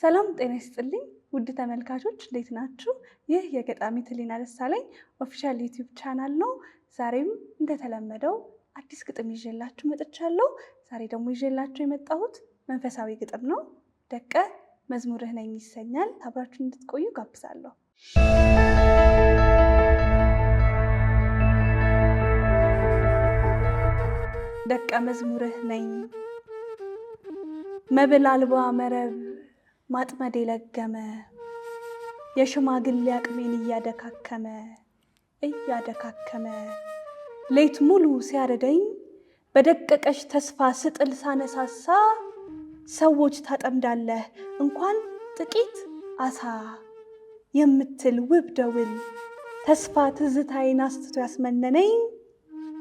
ሰላም ጤና ይስጥልኝ ውድ ተመልካቾች እንዴት ናችሁ? ይህ የገጣሚት ህሊና ደሳለኝ ኦፊሻል ዩቲዩብ ቻናል ነው። ዛሬም እንደተለመደው አዲስ ግጥም ይዤላችሁ መጥቻለሁ። ዛሬ ደግሞ ይዤላችሁ የመጣሁት መንፈሳዊ ግጥም ነው። ደቀ መዝሙርህ ነኝ ይሰኛል። አብራችሁን እንድትቆዩ ጋብዛለሁ። ደቀ መዝሙርህ ነኝ መብል አልባ መረብ ማጥመድ የለገመ የሽማግሌ አቅሜን እያደካከመ እያደካከመ ሌት ሙሉ ሲያረደኝ በደቀቀች ተስፋ ስጥል ሳነሳሳ ሰዎች ታጠምዳለህ እንኳን ጥቂት አሳ የምትል ውብ ደውል ተስፋ ትዝታዬን አስትቶ ያስመነነኝ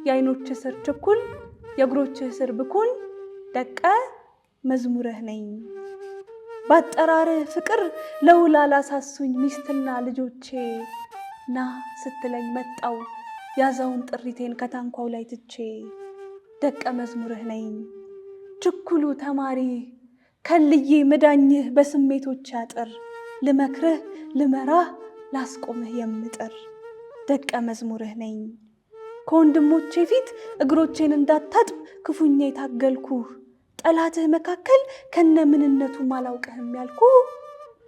የአይኖች ስር ችኩል የእግሮች ስር ብኩን ደቀ መዝሙርህ ነኝ። ባጠራር ፍቅር ለውላ ላሳሱኝ ሚስትና ልጆቼ ና ስትለኝ መጣው ያዘውን ጥሪቴን ከታንኳው ላይ ትቼ ደቀ መዝሙርህ ነኝ ችኩሉ ተማሪ ከልዬ መዳኝህ በስሜቶች አጥር ልመክርህ ልመራህ ላስቆምህ የምጥር ደቀ መዝሙርህ ነኝ ከወንድሞቼ ፊት እግሮቼን እንዳታጥብ ክፉኛ የታገልኩህ ጠላትህ መካከል ከነ ምንነቱ ማላውቅህም ያልኩ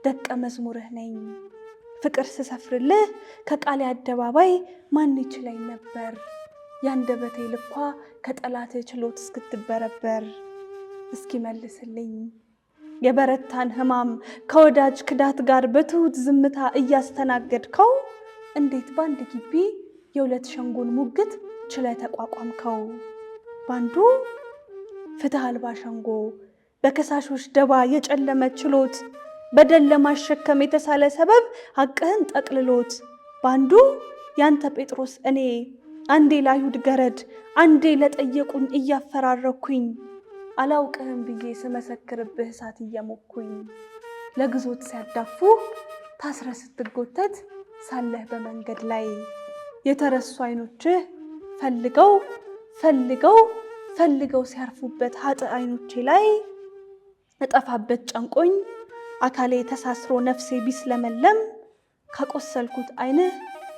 ደቀ መዝሙርህ ነኝ። ፍቅር ስሰፍርልህ ከቃሌ አደባባይ ማን ይችለኝ ነበር? ያንደበቴ ልኳ ከጠላትህ ችሎት እስክትበረበር እስኪመልስልኝ የበረታን ህማም ከወዳጅ ክዳት ጋር በትሁት ዝምታ እያስተናገድከው እንዴት በአንድ ግቢ የሁለት ሸንጎን ሙግት ችለ ተቋቋምከው? ባንዱ ፍትህ አልባ ሸንጎ፣ በከሳሾች ደባ የጨለመ ችሎት፣ በደል ለማሸከም የተሳለ ሰበብ ሐቅህን ጠቅልሎት በአንዱ ያንተ ጴጥሮስ እኔ አንዴ ላይሁድ ገረድ አንዴ ለጠየቁኝ እያፈራረኩኝ አላውቅህም ብዬ ስመሰክርብህ እሳት እየሞኩኝ ለግዞት ሲያዳፉ ታስረ ስትጎተት ሳለህ በመንገድ ላይ የተረሱ አይኖችህ ፈልገው ፈልገው ፈልገው ሲያርፉበት ሀጥ አይኖቼ ላይ እጠፋበት ጨንቆኝ አካሌ ተሳስሮ ነፍሴ ቢስለመለም ካቆሰልኩት አይንህ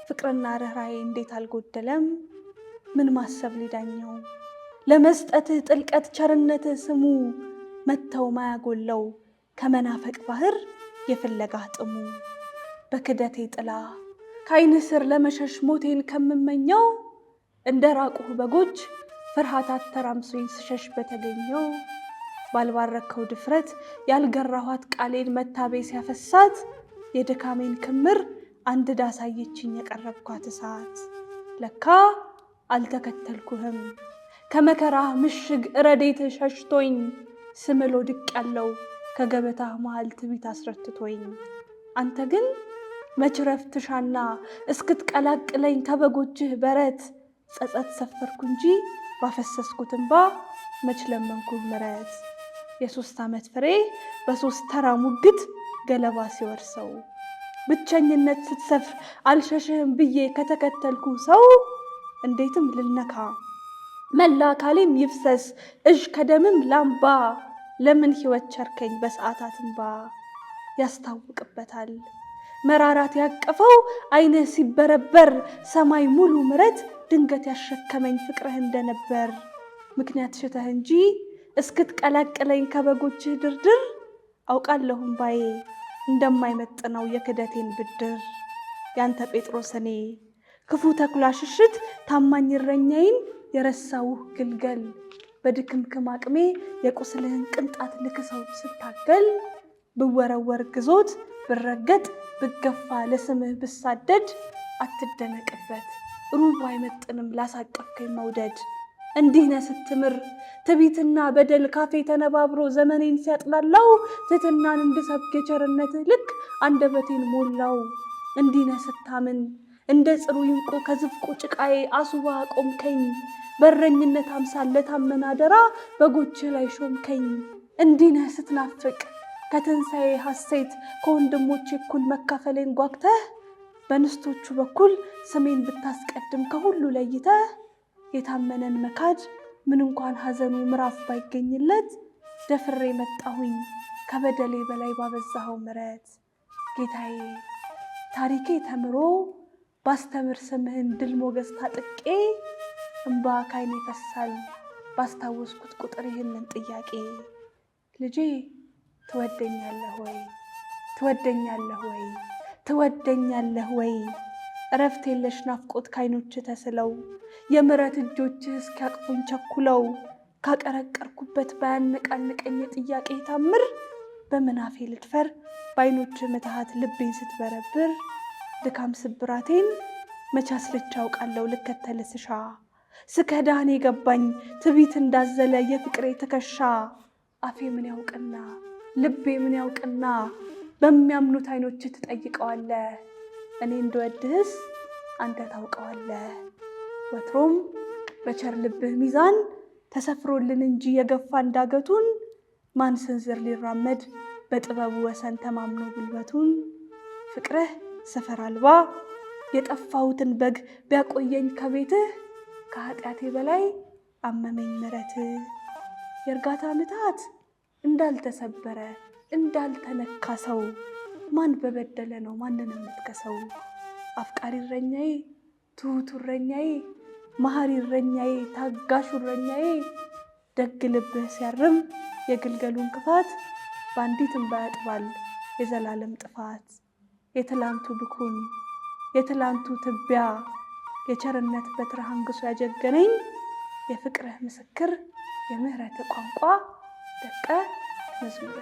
ፍቅርና ርኅራዬ እንዴት አልጎደለም? ምን ማሰብ ሊዳኘው ለመስጠትህ ጥልቀት ቸርነትህ ስሙ መተው ማያጎለው ከመናፈቅ ባህር የፍለጋ ጥሙ በክደቴ ጥላ ከአይንህ ስር ለመሸሽ ሞቴን ከምመኘው እንደ ራቁህ በጎች ፍርሃት አተራምሶኝ ስሸሽ በተገኘው ባልባረከው ድፍረት ያልገራኋት ቃሌን መታቤ ሲያፈሳት የድካሜን ክምር አንድ ዳሳየችኝ የቀረብኳት እሳት ለካ አልተከተልኩህም ከመከራ ምሽግ እረዴ ተሸሽቶኝ ስምሎ ድቅ ያለው ከገበታ መሃል ትቢት አስረትቶኝ አንተ ግን መችረፍ ትሻና እስክትቀላቅለኝ ከበጎችህ በረት ጸጸት ሰፈርኩ እንጂ ባፈሰስኩት እንባ መች ለመንኩ ምሕረት የሶስት ዓመት ፍሬ በሶስት ተራ ሙግት ገለባ ሲወርሰው ብቸኝነት ስትሰፍር አልሸሽህም ብዬ ከተከተልኩ ሰው እንዴትም ልልነካ መላ አካሌም ይፍሰስ እዥ ከደምም ላምባ ለምን ሕይወት ቸርከኝ በሰዓታት እንባ ያስታውቅበታል መራራት ያቀፈው አይነ ሲበረበር ሰማይ ሙሉ ምረት ድንገት ያሸከመኝ ፍቅርህ እንደነበር ምክንያት ሽተህ እንጂ እስክትቀላቅለኝ ከበጎችህ ድርድር አውቃለሁም ባዬ እንደማይመጥነው የክደቴን ብድር ያንተ ጴጥሮስ እኔ ክፉ ተኩላ ሽሽት ታማኝ እረኛዬን የረሳውህ ግልገል በድክምክም አቅሜ የቁስልህን ቅንጣት ልክሰው ስታገል ብወረወር ግዞት ብረገጥ ብገፋ ለስምህ ብሳደድ አትደነቅበት ሩቡ አይመጥንም ላሳቀፍከኝ መውደድ እንዲህ ነህ ስትምር ትቢትና በደል ካፌ ተነባብሮ ዘመኔን ሲያጥላላው ትትናን እንድሰብክ የቸርነትህ ልክ አንደበቴን ሞላው። እንዲህ ነህ ስታምን እንደ ጽሩ ይንቁ ከዝፍቁ ጭቃዬ አሱባ ቆምከኝ። በረኝነት አምሳል ለታመን አደራ በጎች ላይ ሾምከኝ። እንዲህ ነህ ስትናፍቅ ከትንሣኤ ሐሴት ከወንድሞች እኩል መካፈሌን ጓግተህ በንስቶቹ በኩል ስሜን ብታስቀድም ከሁሉ ለይተህ የታመነን መካድ ምን እንኳን ሐዘኑ ምዕራፍ ባይገኝለት ደፍሬ መጣሁኝ ከበደሌ በላይ ባበዛኸው ምረት ጌታዬ ታሪኬ ተምሮ ባስተምር ስምህን ድል ሞገስ ታጥቄ እምባ ካይን ይፈሳል ባስታወስኩት ቁጥር ይህንን ጥያቄ ልጄ ትወደኛለህ ወይ ትወደኛለህ ወይ ትወደኛለህ ወይ? እረፍት የለሽ ናፍቆት ካይኖችህ ተስለው የምረት እጆችህ እስኪያቅፉኝ ቸኩለው ካቀረቀርኩበት ባያነቃንቀኝ ጥያቄ ታምር በምናፌ ልድፈር በዓይኖች ምትሃት ልቤን ስትበረብር ድካም ስብራቴን መቻስልቻ አውቃለሁ ልከተል ስሻ ስከዳህን የገባኝ ትቢት እንዳዘለ የፍቅሬ ትከሻ አፌ ምን ያውቅና ልቤ ምን ያውቅና በሚያምኑት አይኖች ትጠይቀዋለህ። እኔ እንድወድህስ አንተ ታውቀዋለህ። ወትሮም በቸር ልብህ ሚዛን ተሰፍሮልን እንጂ የገፋ እንዳገቱን ማን ስንዝር ሊራመድ በጥበቡ ወሰን ተማምኖ ጉልበቱን ፍቅርህ ሰፈር አልባ የጠፋሁትን በግ ቢያቆየኝ ከቤትህ ከኃጢአቴ በላይ አመመኝ ምሕረትህ የእርጋታ ምታት እንዳልተሰበረ እንዳልተነካ ሰው ማን በበደለ ነው ማንን የምትከሰው? አፍቃሪ እረኛዬ፣ ትሁቱ እረኛዬ፣ መሐሪ እረኛዬ፣ ታጋሹ እረኛዬ ደግ ልብህ ሲያርም የግልገሉን ክፋት በአንዲት እንባ ያጥባል የዘላለም ጥፋት። የትላንቱ ብኩን የትላንቱ ትቢያ የቸርነት በትረ አንግሶ ያጀገነኝ የፍቅርህ ምስክር የምህረት ቋንቋ ደቀ መዝሙረ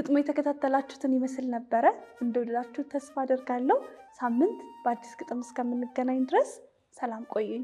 ግጥሞ የተከታተላችሁትን ይመስል ነበረ። እንደወደዳችሁ ተስፋ አደርጋለሁ። ሳምንት በአዲስ ግጥም እስከምንገናኝ ድረስ ሰላም ቆዩኝ።